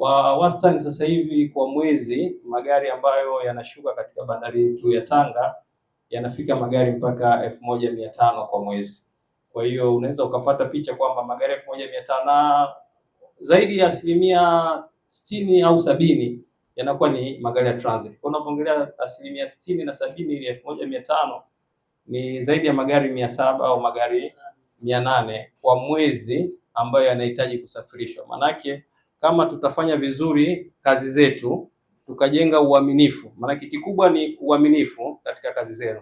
Kwa wastani sasa hivi kwa mwezi magari ambayo yanashuka katika bandari yetu ya Tanga yanafika magari mpaka elfu moja mia tano kwa mwezi. Kwa hiyo unaweza ukapata picha kwamba magari elfu moja mia tano na zaidi ya asilimia sitini au sabini yanakuwa ni magari ya transit. Kwa unapoongelea asilimia sitini na sabini ili elfu moja mia tano ni zaidi ya magari mia saba au magari mia nane kwa mwezi ambayo yanahitaji kusafirishwa manake kama tutafanya vizuri kazi zetu tukajenga uaminifu, maanake kikubwa ni uaminifu katika kazi zenu.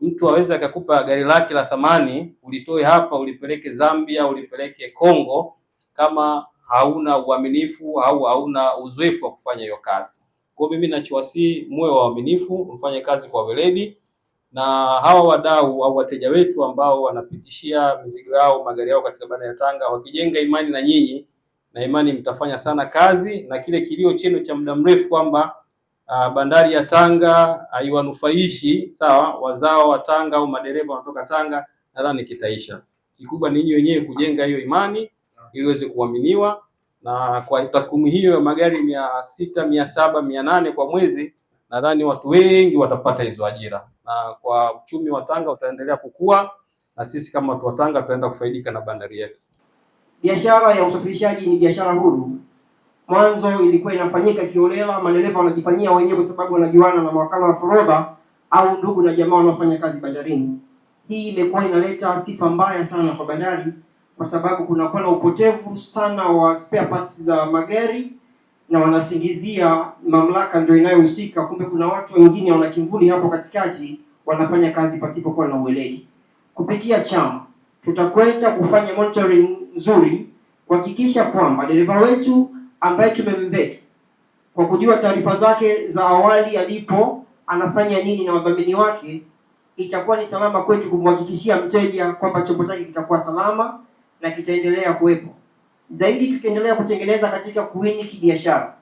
Mtu aweze akakupa gari lake la thamani, ulitoe hapa ulipeleke Zambia, ulipeleke Kongo, kama hauna uaminifu au hauna uzoefu wa kufanya hiyo kazi. Kwa hiyo mimi nachowasihi muwe waaminifu, mfanye kazi kwa weledi, na hawa wadau au wateja wetu ambao wanapitishia mizigo yao magari yao katika bandari ya Tanga, wakijenga imani na nyinyi na imani mtafanya sana kazi na kile kilio chenu cha muda mrefu kwamba uh, bandari ya Tanga haiwanufaishi uh, sawa, wazao wa Tanga au madereva wanatoka Tanga, nadhani kitaisha. Kikubwa ni nyinyi wenyewe kujenga hiyo imani ili iweze kuaminiwa, na kwa takwimu hiyo ya magari mia sita mia saba mia nane kwa mwezi, nadhani watu wengi watapata hizo ajira, na kwa uchumi wa Tanga utaendelea kukua, na sisi kama watu wa Tanga tutaenda kufaidika na bandari yetu. Biashara ya usafirishaji ni biashara huru. Mwanzo ilikuwa inafanyika kiolela, madereva wanajifanyia wenyewe kwa sababu wanajuana na mawakala wa forodha au ndugu na jamaa wanaofanya kazi bandarini. Hii imekuwa inaleta sifa mbaya sana kwa bandari, kwa sababu kunakuwa na upotevu sana wa spare parts za magari na wanasingizia mamlaka ndio inayohusika, kumbe kuna watu wengine wana kivuli hapo katikati wanafanya kazi pasipokuwa na uweledi. Kupitia chama tutakwenda kufanya monitoring nzuri kuhakikisha kwamba dereva wetu ambaye tumemveti kwa kujua taarifa zake za awali, alipo, anafanya nini na wadhamini wake, itakuwa ni salama kwetu kumhakikishia mteja kwamba chombo chake kitakuwa salama na kitaendelea kuwepo. Zaidi, tukiendelea kutengeneza katika kuwini kibiashara,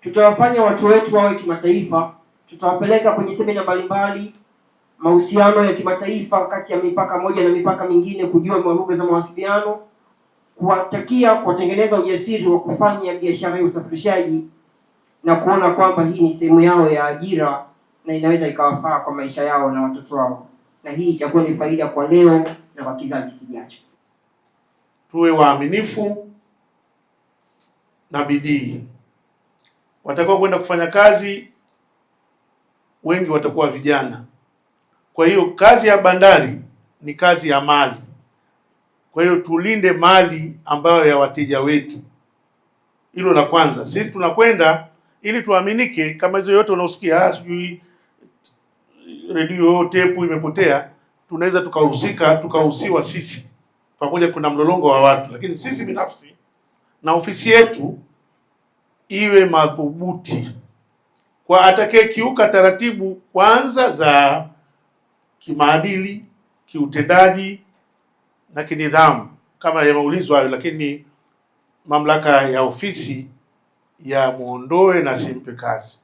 tutawafanya watu wetu wawe kimataifa. Tutawapeleka kwenye semina mbalimbali, mahusiano ya kimataifa kati ya mipaka moja na mipaka mingine, kujua lugha za mawasiliano kuwatakia kuwatengeneza ujasiri wa kufanya biashara ya usafirishaji na kuona kwamba hii ni sehemu yao ya ajira na inaweza ikawafaa kwa maisha yao na watoto wao, na hii itakuwa ni faida kwa leo na kwa kizazi kijacho. Tuwe waaminifu na bidii. Watakao kwenda kufanya kazi wengi watakuwa vijana. Kwa hiyo kazi ya bandari ni kazi ya mali. Kwa hiyo tulinde mali ambayo ya wateja wetu, hilo la kwanza. Sisi tunakwenda ili tuaminike, kama hizo yote unaosikia, ah, sijui redio tepu imepotea, tunaweza tukahusika tukahusiwa sisi pamoja, kuna mlolongo wa watu, lakini sisi binafsi na ofisi yetu iwe madhubuti kwa atakayekiuka taratibu kwanza za kimaadili, kiutendaji na kinidhamu kama yameulizwa hayo, lakini mamlaka ya ofisi ya muondoe na simpe kazi.